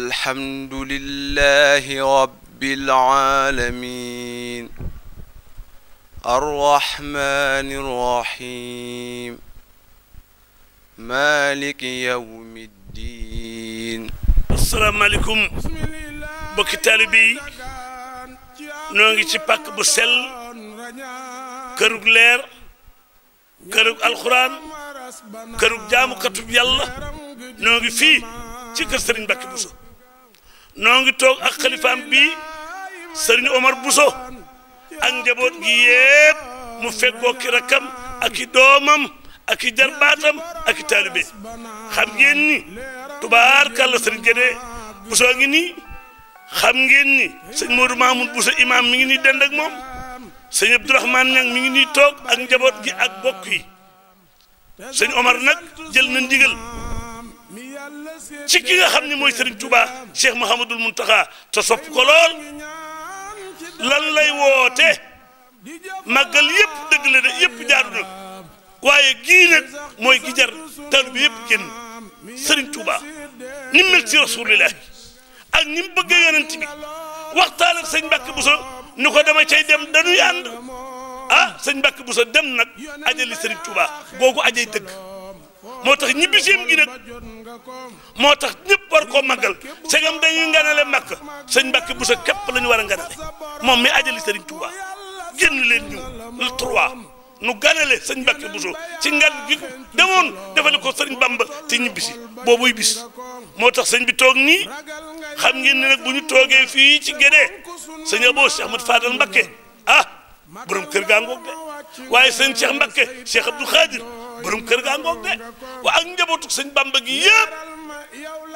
alhamdulillahi rabbil alamin arrahmani rrahim maliki yawmi ddin bokki taalibe yi ci pàkk bu sell kërug leer kërug alxuraan kërug jaamukatub yàlla noo ngi fii ci kër Sëriñ Buso noo ngi toog ak xalifaam bii sëriñ Omar Bousso ak njaboot gi yépp mu fekkoo ki rakkam ak i doomam ak i jarbaatam aki i taalibe xam ngeen ni tubaar kàlla sëriñ Gédé Bousso ngi nii xam ngeen ni sëñ Modou Mamoun Bousso imam mi ngi ni dend ak moom sëñ Abdourahman mi ngi nii toog ak njaboot gi ak bokk yi sëñ Omar nag jël na ndigal ci ki nga xam ne mooy Serigne Touba Cheikh Mouhamadul Mountakha te sopp ko lool lan lay woote màggal yëpp dëgg la de yëpp jaadu na waaye gii nag mooy gi jar taalibe bi yëpp génn Serigne Touba ni mu mel ci Rasulillah ak ni mu bëggee yonent bi waxtaan ak sëñ Mbàkke Buso nu ko dama cay dem dañuy ànd ah sëñ Mbàkke Buso dem nag ajali Serigne Touba googu ajay dëgg. moo tax ñibbiseem gi nag moo tax ñëpp war koo màggal segam dañuy nganale màkk sëñ Mbàkke bu sa képp la ñu war a nganale moom mi ajali sëriñ Tuubaa génn leen ñu le trois nu ganale bu so ci ngan gi demoon defale ko sëriñ Bamba te ñibbisi boobuy bis moo tax sëñ bi toog nii xam ngeen ne nag bu ñu toogee fii ci gédee sëñ Abo Cheikh Ahmad Fadal Mbàkke ah borom kër gaa ngoog de waaye sëñ Cheikh Mbàkke Cheikh Abdou Khadir borom kër gaa ngoog de waa ak njabootu sëñ Bamba gi yëpp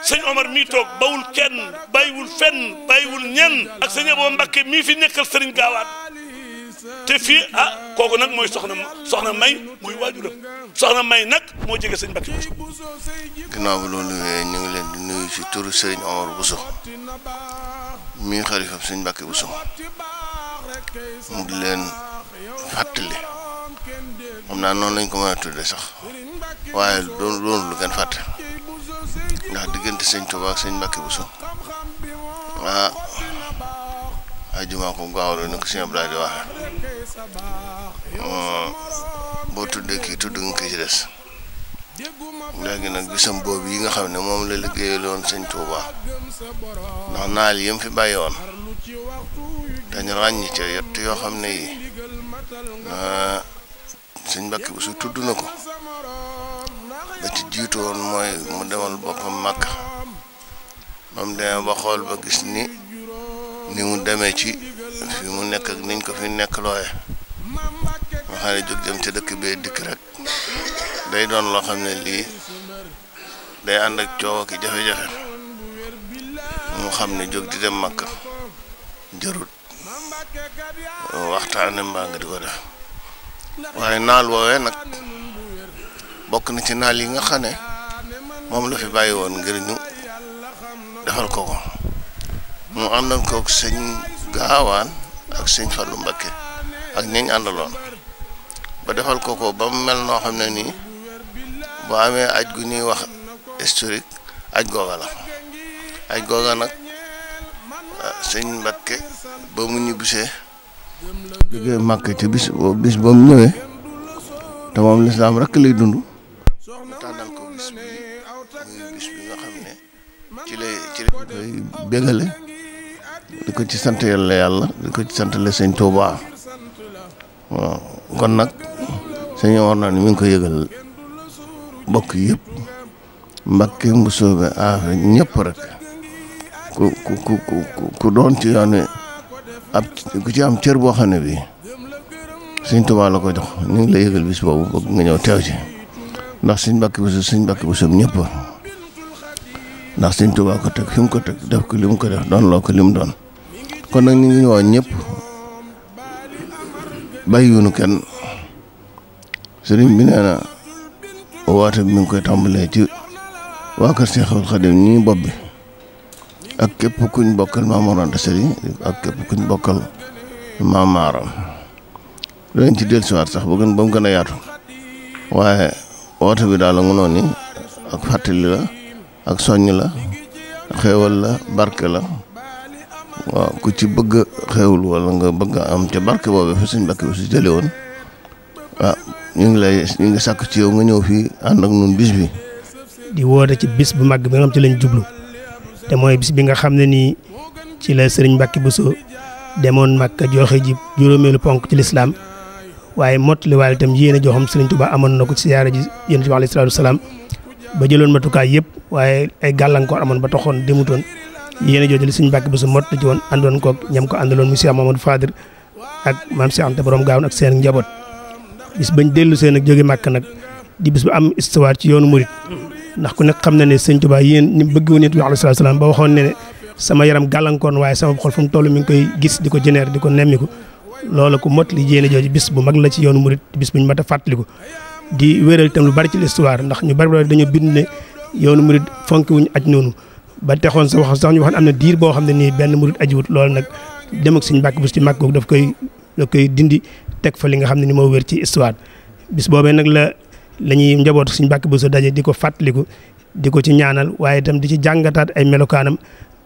sëñ Omar mii toog bawul kenn bàyyiwul fenn bàyyiwul ñenn ak sëñ Abo Mbakke mii fi nekkal sëriñ gaawaat te fii ah kooku nag mooy soxna soxna May mooy waajuram soxna May nag moo jege sëñ Mbakke Bousso. ginnaaw bi loolu ñu ngi leen di nuyu ci turu sëriñ Omar Bousso mii xalifam sëñ Mbakke Bousso mu ngi leen fàttali. xam naa noonu lañ ko mën a tudde sax waaye doon lu gën fàtte ndax diggante sëñ Tuubaa ak sëñ Mbàkke Buso ah ajuma ko gaaw la ni ko sëñ Abdoulaye di waxe boo tuddee kii tudd nga ki des léegi nag bisam boob yi nga xam ne moom la liggéeyal woon sëñ Tuubaa ndax naal yi mu fi bàyyi woon dañu ràññ ca yett yoo xam ne yi ah, sëñ mbakk bu su tudd na ko ba ci jiitu mooy mu demal boppam Màkka moom demee ba xool ba gis ni ni mu demee ci fi mu nekk ak niñ ko fi nekk looye nga xam jóg jëm ca dëkk bee dikk rek day doon loo xam ne lii day ànd ak coow ak jafe-jafe mu xam ne jóg di dem Màkka jërut waxtaane mbaa nga di ko waaye naal woowee nag bokk na ci naal yi nga xam ne moom la fi bàyyi woon ngir ñu defal ko ko mu àndal kook sëñ gaawaan ak sëñ Fallou Mbakke ak ñi ñu àndaloon ba defal ko ko ba mu mel noo xam ne nii bu amee aj gu ñuy wax historique aj googa la aj googa nag ah, sëñ Mbakke ba mu ñibbisee jógee màkk ci bis bis ba mu ñëwee te moom lislaam rekk lay dund mu tànnal ko bis bi nga xam ne ci lay ci bégale di ko ci sant yàlla yàlla ko ci sant la sëñ Tuubaa waaw kon nag sëñ war naa ni ko yëgal mbokk yëpp Mbàkke Mbusoobe ah ñëpp rek ku ku ku ku doon ci yoon ab ku ci am cër boo xam ne bii Sëñ Tuubaa la ko jox ñu ngi la yëgal bis boobu bëgg nga ñëw teew ci ndax Sëñ Mbàkke suñ Sëñ Mbàkke Buso ñëpp ndax Sëñ Tuubaa ko teg fi ko teg def ko li mu ko def doon loo ko li mu doon kon nag ñu ngi woo ñëpp bàyyiwuñu kenn sëriñ bi nee na woote bi mu ngi koy tàmbalee ci waa ko Seexul Xadim ñii bopp bi ak képp kuñ bokkal maam Mor Anta Sali ak képp kuñ bokkal maam Maaram danañ ci dellusiwaat sax ba gën ba mu gën a yaatu waaye woote bi daal la mu noonu ak fàttali la ak soññ la xéewal la barke la waaw ku ci bëgg xéewul wala nga bëgg am ca barke boobu fa suñ barke bi su jëlee woon waaw ah, ñu ngi lay ñu ngi sàkk ci yow nga ñëw fii ànd ak ñun bis bi. di woote ci bis bu mag bi nga xam ci lañ jublu. te mooy bis bi nga xam ne nii ci la sëriñ Mbacke Bousso demoon Makka joxe ji juróomeelu ponk ci lislaam waaye li waale itam yéen a joxam sëriñ Touba amoon na ko ci siyaara ji yonent bi alayhi salaatu wasalaam ba jëloon matukaay yëpp waaye ay gàllankoor amoon ba taxoon demutoon yéen a jooju li sëriñ Mbacke Bousso mottali ci woon àndoon koog ñam ko àndaloon monsieur Mamadou Fadir ak maam Cheikh Anta borom gaawoon ak seen njaboot bis bañ dellu seen ak jóge Makka nag di bis bu am histoire ci yoonu Mouride. ndax ku nekk xam na ne sëñ Tuubaa yéen ni bëgg woon it wax alayhi salaam ba waxoon ne ne sama yaram gàllankoor waaye sama mu ngi koy gis di ko jëneer di ko nemmiku loola ku mot li jéene jooju bis bu mag la ci yoonu murit bis bu ñu mat a fàttaliku di wéral itam lu bari ci l'histoire ndax ñu bari bari dañu bind ne yoonu murit fonki wuñu aj noonu ba texoon sa wax sax ñu wax am na diir boo xam ne nii benn murit ajiwut loolu nag dem ak suñ mbàkk bis ci màgg googu daf koy daf koy dindi teg fa li nga xam ne ni moo wér ci histoire lañuy ñuy njaboot suñ Mbàkke Buso daje di ko fàttaliku di ko ci ñaanal waaye itam di ci jàngataat ay melokaanam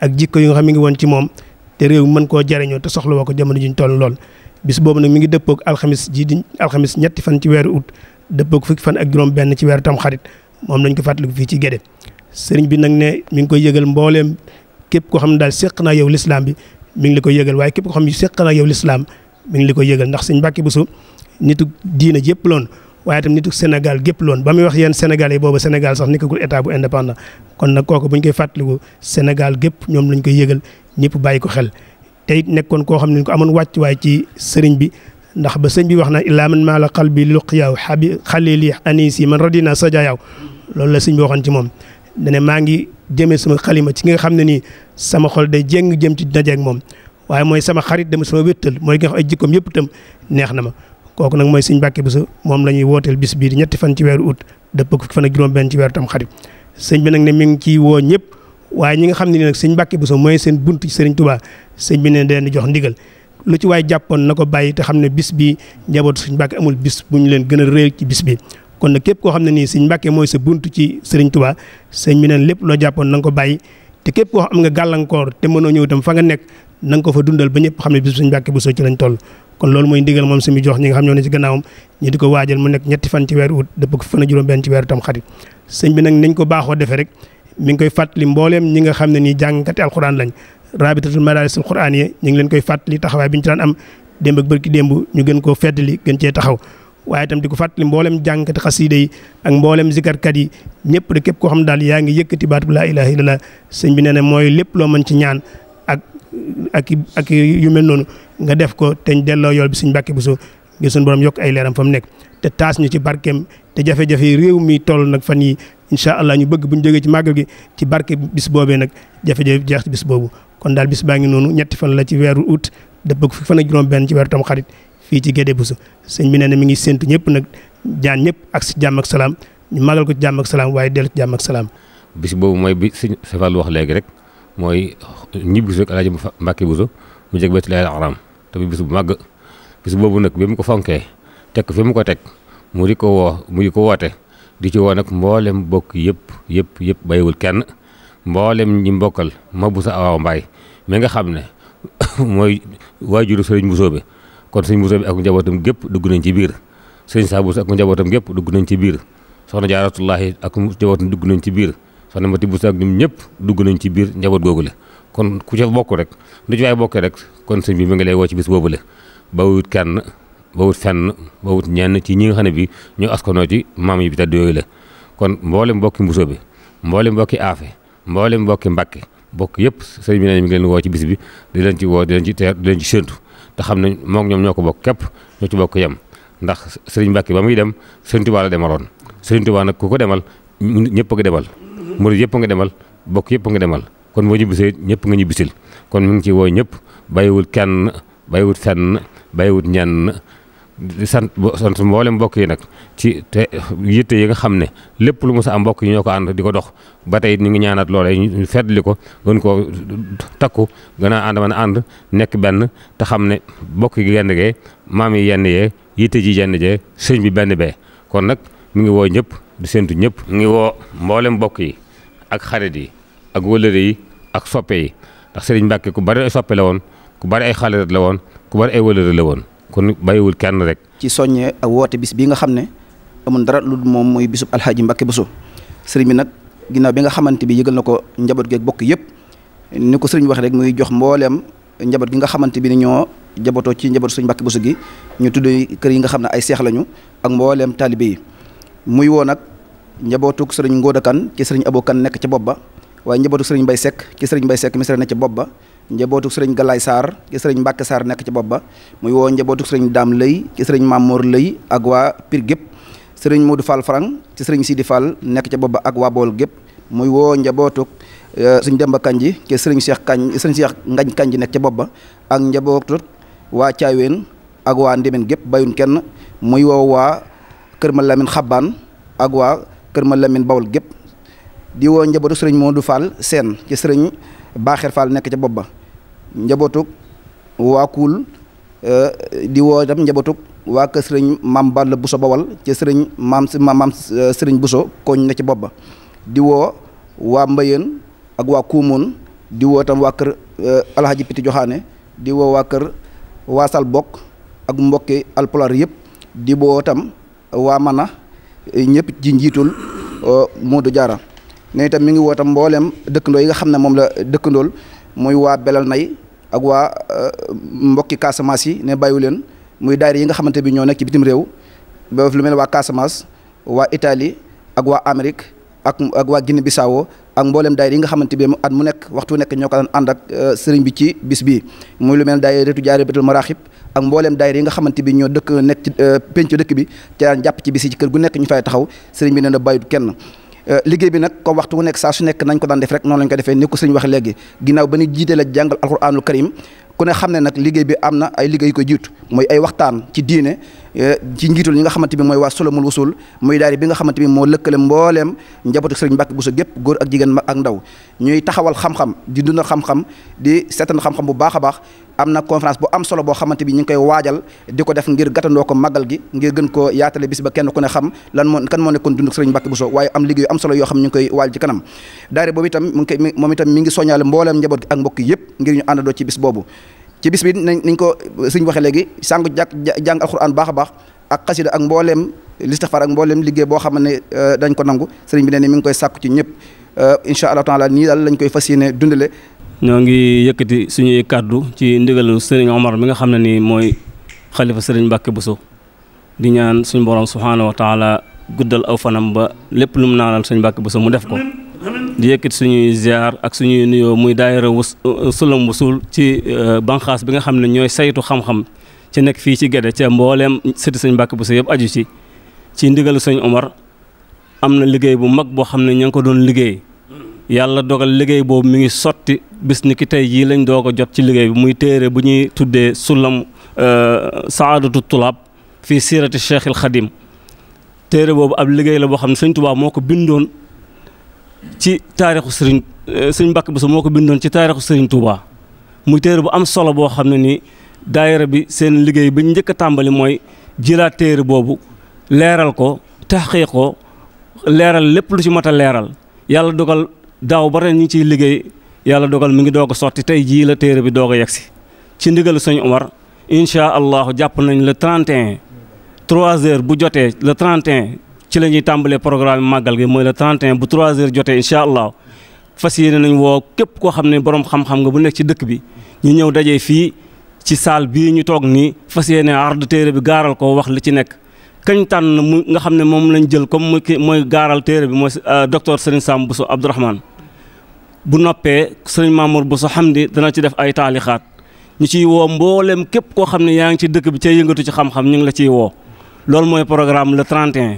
ak jikko yu nga xam mi ngi woon ci moom te réew mi mën koo jariñoo te soxla woo ko jamono juñ toll lool bis boobu nag mi ngi dëppoog alxamis ji di alxamis ñetti fan ci weeru ut dëppoog fukki fan ak juróom benn ci weeru tam xarit moom lañ ko fàttaliku fii ci Guédé sëriñ bi nag ne mi ngi koy yëgal mbooleem képp koo xam ne daal séq naa yow lislaam bi mi ngi la koy yëgal waaye képp koo xam ne séq naa yow lislaam mi ngi la koy yëgal ndax sëñ Mbàkke Buso nitu diina yëpp loon waaye itam nitu Sénégal gépp loon ba muy wax yéen Sénégal yi boobu Sénégal sax nekkagul état bu indépendant kon nag kooku buñ koy fàttaliku Sénégal gépp ñoom lañ koy yëgal ñëpp bàyyi ko xel te it nekkoon koo xam ne ko amoon wàcc ci sëriñ bi ndax ba sëñ bi wax na illaa man maa la qalbi luqyaaw xabi xalili anisi man radina sajaayaw loolu la sëñ bi waxoon ci moom dane maa ngi jëmee sama xalima ci nga xam ne nii sama xol day jéng jëm ci dajeeg moom waaye mooy sama xarit dem sama wéttal mooy nga xam ay jikkoom yëpp itam neex na ma kooku nag mooy Serigne Mbacké Bousso moom la ñuy wooteel bis bii di ñetti fan ci weeru août dëpp ko fukki fan ak juróom-benn ci weeru Tamxarit sëñ bi nag ne mi ngi ciy woo ñëpp waaye ñi nga xam ne ni nag Serigne Mbacké Bousso mooy seen bunt ci Serigne Touba sëñ bi ne leen di jox ndigal lu ci waay jàppoon na ko bàyyi te xam ne bis bi njabootu Serigne Mbacké amul bis bu ñu leen gën a ci bis bi kon nag képp koo xam ne nii Serigne Mbacké mooy sa bunt ci Serigne Touba sëñ bi neen lépp loo jàppoon na nga ko bàyyi te képp koo am nga gàllankoor te mënoo ñëw itam fa nga nekk na nga ko fa ba ñëpp xam ne bis Serigne Mbacké Bousso ci lañ toll kon loolu mooy ndigal moom suñu jox ñi nga xam ñoo ne ci gannaawam ñu di ko waajal mu nekk ñetti fan ci weeru ut dëpp ko fan a juróom benn ci weeru tam xarit sëñ nag nañ ko baaxoo defee rek mi ngi koy fàttali mbooleem ñi nga xam ne nii jàngkati alxuraan lañ raabitatul madaarisul xuraan yi ñu ngi leen koy fàttali taxawaay bi ñu ci daan am démb ak bërki gën koo feddali gën cee taxaw waaye tam di ko fàttali mboolem jàngkati xasiida yi ak mboolem zikarkat yi ñëpp de képp koo xam ne daal yaa ngi yëkkati baatu laa ilaaha illallah sëñ bi nee na mooy lépp loo mën ci ñaan ak ak yu mel noonu nga def ko te delloo yool bi suñ bu Buso ngir suñ borom yokk ay leeram fa mu nekk te taas ñu ci barkeem te jafe-jafe réew mi toll nag fan yi incha allah ñu bëgg bu jógee ci màggal gi ci barke bis boobee nag jafe-jafe jeex ci bis boobu kon daal bis baa ngi noonu ñetti fan la ci weeru ut da bëgg fi fan ak juróom benn ci weeru tam xarit fii ci Guédé Bousso sëñ bi nee na mi ngi séntu ñëpp nag jaan ñëpp ak si jàmm salaam ñu màggal ko ci jàmm salaam waaye dellu ci jàmm ak salaam bis boobu mooy bi sëñ Safal wax léegi rek mooy ñibbi si rek alaaji Mbàkke Buso mu jeg Baytul Haram te bis bu màgg bis boobu nag bi mu ko fonkee teg ko fi mu ko teg mu di ko woo mu di ko woote di ci woo nag mboolem bokk yëpp yëpp yëpp bàyyiwul kenn mboolem ñi mbokkal ma bu sa Awa Mbaye mi nga xam ne mooy waajuru sëriñ Bousso bi kon sëriñ Bousso bi ak njabootam gépp dugg nañ ci biir sëriñ Saa Bousso ak njabootam gépp dugg nañ ci biir soxna Jaaratullaahi ak njabootam dugg nañ ci biir soxna Mati Bousso ak ñoom ñëpp dugg nañ ci biir njaboot googu la kon ku ca bokk rek lu ci waay bokkee rek kon sëñ bi mi ngi lay woo ci bis boobu la bawut kenn bawut fenn bawut ñenn ci ñi nga xam ne bi ñoo askanoo ci maam yi bi tedd yooyu la kon mboolem bokki Mbuso bi mboolem mbokki Aafe mboolem bokki Mbàkke bokk yëpp sëñ bi ne mi woo ci bis bi di ci woo di leen ci teer séntu te xam ne moom ñoom ñoo ko bokk képp ñoo ci bokk yem ndax sëriñ Mbàkke ba muy dem sëriñ Tuubaa la demaloon sëriñ Tuubaa nag ku ko demal ñëpp ko demal murid yëpp nga demal bokk yëpp nga demal kon boo ñibbisee ñëpp nga ñibbisil kon mi ngi ci woo ñëpp bàyyiwul kenn bàyyiwul fenn bàyyiwul ñenn di sant sant mboolem mbokk yi nag ci te yitte yi nga xam ne lépp lu mu sa am mbokk yi ñoo ko ànd di ko dox ba tey ñu ngi ñaanaat loola ñu feddli ko gën koo takku gën a ànd a ànd nekk benn te xam ne mbokk yi genn gee maam yi yenn yee yitte ci jenn jee sëñ bi benn bee kon nag mu ngi woo ñëpp di séntu ñëpp. mu ngi woo mboolem mbokk yi. ak xarit yi ak wëllëre yi ak soppe yi ndax sëriñ Mbàkke ku bari ay soppe la woon ku bari ay xarit la woon ku bari ay wëllëre la woon kon bàyyiwul kenn rek. ci soññee woote bis bi nga xam ne amul dara lu moom muy bisub alxaaji Mbàkke Buso sëriñ bi nag ginnaaw bi nga xamante bi yëgal na ko njaboot gi ak bokk yëpp ni ko sëriñ wax rek muy jox mbooleem njaboot gi nga xamante bi ni ñoo jabootoo ci njaboot sëriñ Mbàkke Buso gi ñu tuddee kër yi nga xam ne ay seex lañu ak mbooleem taalibe yi muy woo nag njabootuk sëriñ Ngóoda Kan ci sëriñ Abo Kan nekk ci bopp ba waaye njabootuk sëriñ Mbay Sekk ci sëriñ Mbay Sekk misra nekk ci bopp ba njabootuk sëriñ Galaay Saar ci sëriñ Mbàkke Saar nekk ci bopp ba muy woo njabootuk sëriñ Daam Lëy ci sëriñ Mamoor Lëy ak waa Pir gépp sëriñ Modou Fall Farang sëriñ Sidi Fall nekk ci bopp ba ak waa Bool gépp muy woo njabootuk euh, sëriñ Demba Kanji ci sëriñ Cheikh Kañ sëriñ Cheikh Ngañ Kanji nekk ci bopp ba ak njabootuk waa Caaween ak waa Ndémen gépp bayun kenn muy woo waa Kër Malamine Xabbaan ak waa kër ma Lamine Bawol gépp di woo njabootu sëriñ Modou Fall seen ci sëriñ Baaxeer Fall nekk ci bopp ba njabootu waa Kuul euh, di woo itam njabootu waa kër sëriñ maam Balla Bousso Bawal ci sëriñ maam si euh, sëriñ Bousso koñ na ci bopp ba di woo waa Mbayeen ak waa Kuumoon di woo itam waa kër euh, Alhaji Piti Joxaane di waa kër waa Sal ak mbokki alpulaar yëpp di woo waa Mana. ñëpp ji njiitul euh, Modou Diarra ne itam mu ngi woote mbooleem dëkkandoo yi nga xam ne moom la dëkkandool muy waa Belal Nay ak waa euh, mbokki Casamance yi ne bàyyiwu leen muy daayira yi nga xamante bi ñoo nekk ci bitim réew ba lu mel waa Casamance waa itali ak waa Amérique ak ak waa Guinée Bissau ak mboolem daayira yi nga xamante bi at mu nekk waxtu nekk ñoo ko daan ànd ak euh, sëriñ bi ci bis bii muy lu mel daayira retu jaare bétul maraaxib ak mbooleem daayira yi nga xamante bi ñoo dëkk nekk ci euh, penc dëkk bi te daan jàpp ci bis ci kër gu nekk ñu fay taxaw sëriñ bi nee na bàyyut kenn euh, liggéey bi nag comme waxtu wu nekk saa su nekk nañ ko daan def rek noonu lañ ko defee ni ko sëriñ wax léegi ginnaaw ba ñu jiitee la jàngal alquranul karim ku ne xam ne nag liggéey bi am na ay liggéey yu ko jiitu mooy ay waxtaan ci diine eh, ci njiitul ñi nga xamante bi mooy waa solomul wusul muy daari bi nga xamante bi moo lëkkale mbooleem njabootu sëriñ bu Buso gépp góor ak jigéen ak ndaw ñuy taxawal xam-xam di dundal xam-xam di seetaan xam-xam bu baax a baax am na conférence bu am solo boo xamante bi ñu ngi koy waajal di ko def ngir gàttandoo ko magal gi ngir gën koo yaatale bis ba kenn ku ne xam lan moo kan moo nekkoon dunduk Sëriñ Mbàkke Bousso waaye am yoo xam ñu ngi koy waajal ci kanam daare boobu itam mu ngi koy moom itam mi ngi soñaale mbooleem njaboot gi ak mbokk yëpp ngir ñu ci bis boobu ci bis waxee léegi sàngu jàng jàng alxuraan baax a baax ak xasida ak mbooleem listixfaar ak mbooleem liggéey boo xam ne euh, dañ ko nangu sëriñ bi ne mi ngi koy sàkku ci ñëpp euh, incha allah taala nii daal lañ koy fas yéene dundale ñoo ngi yëkkati suñuy kàddu ci ndigalu sëriñ Omar mi nga xam ne nii mooy xalifa sëriñ bu Buso di ñaan suñu borom subhaanahu wa taala guddal aw fanam ba lépp lu mu naanal suñu bu Buso mu def ko di yëkkati suñuy ziar ak suñuy nuyoo muy daayira wu euh, sulam wusul ci euh, banqaas bi nga xam ne ñooy saytu xam-xam ci nekk fii ci Gédé ca mbooleem suñ sëñ bu Buso yëpp aju ci ci ndigalu sëñ Omar am na liggéey bu mag boo xam ne ña ngi ko doon liggéey yàlla dogal liggéey boobu mu ngi sotti bis ni ki tey jii lañ doog a jot ci liggéey bi muy téere bu ñuy tuddee sulam euh, saadatu tulaab fii siirati cheikhil xadim téere boobu ab liggéey la boo xam ne sëñ Tuubaa moo ko bindoon ci taarixu sëriñ euh, sëñ Mbàkke Buso moo ko bindoon ci taarixu sëriñ Tuubaa muy téere bu am solo boo xam ne nii daayira bi seen liggéey bi njëkk a tàmbali mooy jilaat téere boobu leeral ko taxqiq ko leeral lépp lu ci mat a leeral yàlla dogal daaw ba ren ñu ciy liggéey yàlla dogal mu ngi doog a sotti tey jii la téere bi doog a yegsi ci ndigalu sëñ Omar incha allahu jàpp nañ le 31 3 heures bu jotee le 31 ci la ñuy tàmbalee programme màggal gi mooy le 31 bu trois heures jotee incha allah fas yéene nañ woo képp koo xam ne borom xam-xam nga bu nekk ci dëkk bi ñu ñëw dajee fii ci salle bii ñu toog nii fas yéene ard téere bi gaaral ko wax li ci nekk. kañ tànn mu nga xam ne moom lañ jël comme mu ki mooy gaaral téere bi mooy euh, docteur Serigne Sam Bousso Abdourahmane bu noppee Serigne Mamour Bousso Hamdi dana ci def ay taalixaat ñu ciy woo mbooleem képp koo xam ne yaa ngi ci dëkk bi ca yëngatu ci xam-xam ñu ngi la ciy woo loolu mooy programme le 31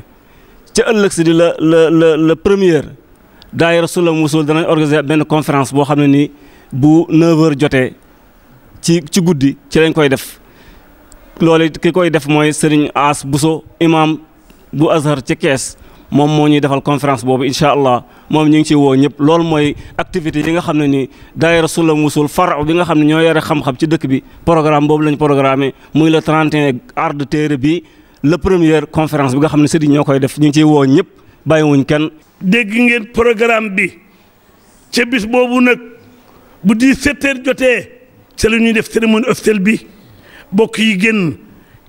ca ëllëg si di la la la la première daayira Sulam Wusul danañ organiser benn conférence boo xam ne nii bu 9 jotee ci ci guddi ci lañ koy def loolu ki koy def mooy sëriñ As Bousso imam bu Azhar ci Kees moom moo ñuy defal conférence boobu incha allah moom ñu ngi ci woo ñëpp loolu mooy activité yi nga xam ne ni daayira Sula Mousoul far bi nga xam ne ñoo yore xam-xam ci dëkk bi programme boobu lañ programmé muy le 31 art de téere bi la première conférence bi nga xam ne sëriñ ñoo koy def ñu ngi ciy woo ñëpp wuñ kenn. dégg ngeen programme bi ca boobu nag bu di h jotee ca la ñuy def cérémonie officielle bi. bokk yi génn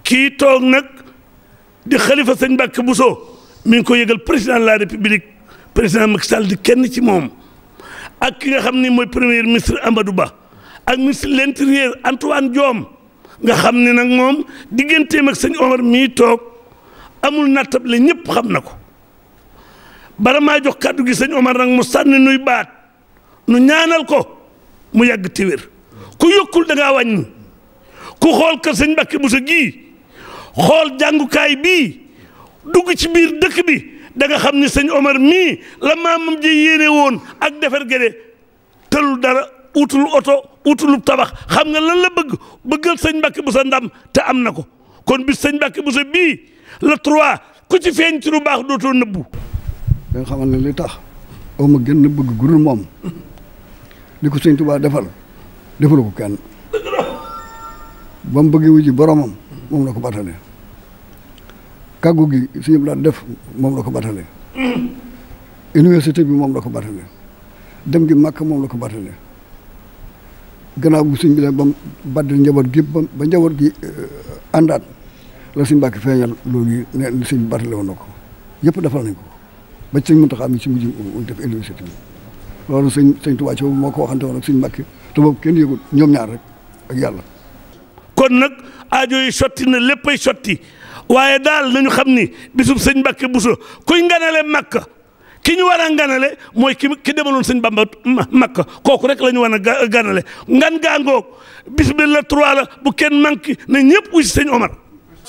kii toog nag di xalifa sëñ Mbàkke Bousso mi ngi ko yëgal président la république président Macky Sall di kenn ci moom ak ki nga xam ni mooy premier ministre Amadou Ba ak ministre de l'intérieur Antoine Diome nga xam ne nag moom digganteem ak sëñ Omar mii toog amul nattab la ñëpp xam na ko bara maa jox kàddu gi sëñ Omar nag mu sànni nuy baat nu ñaanal ko mu yàgg téwér ku yokkul da ngaa ku xool kër sëñ bu sa gii xool jàngukaay bii dugg ci biir dëkk bi da nga xam ni sëñ Omar mii la maamam ji yéene woon ak defar gëne tëlul dara utul oto utul tabax xam nga lan la bëgg bëggal sëñ Mbàkke Buso ndam te am na ko kon bi sëñ bu sa bii la trois ku ci feeñ ci lu baax dootoo nëbbu. da nga xamal ne li tax aw ma gën a bëgg gudul moom li ko sëñ Tuubaa defal defalu ko kenn. ba mu bëggee wuji boromam moom la ko batale kàggu gi suñu daan def moom la ko batale université bi moom la ko batale dem gi màkk moom la ko batale gannaaw bu suñ bi la ba mu njaboot gi ba njaboot gi euh, àndaat la suñ mbàkk feeñal loolu yi ne suñ batale woon na ko yëpp defal nañ ko ba ci sëñ Muntaxa mi ci mujj mu def université loolu sëñ sëñ Tuubaa ci moo ko waxante suñ mbàkk te boobu kenn yëgul ñoom ñaar rek ak yàlla kon nag aajo yi sotti na léppay sotti waaye daal nañu xam ni bisub sëñ Mbàkke Buso kuy nganale Makka ki ñu war a nganale mooy ki ki demaloon sëñ Bamba Makka kooku rek la ñu war a ganale ngan gaangoog bis bi la bu kenn manqué ne ñëpp wu si sëñ Omar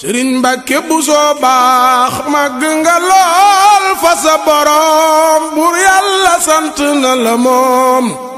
sëriñ Mbàkke Buso baax màgg nga lool fa sa borom bur yàlla sant na la moom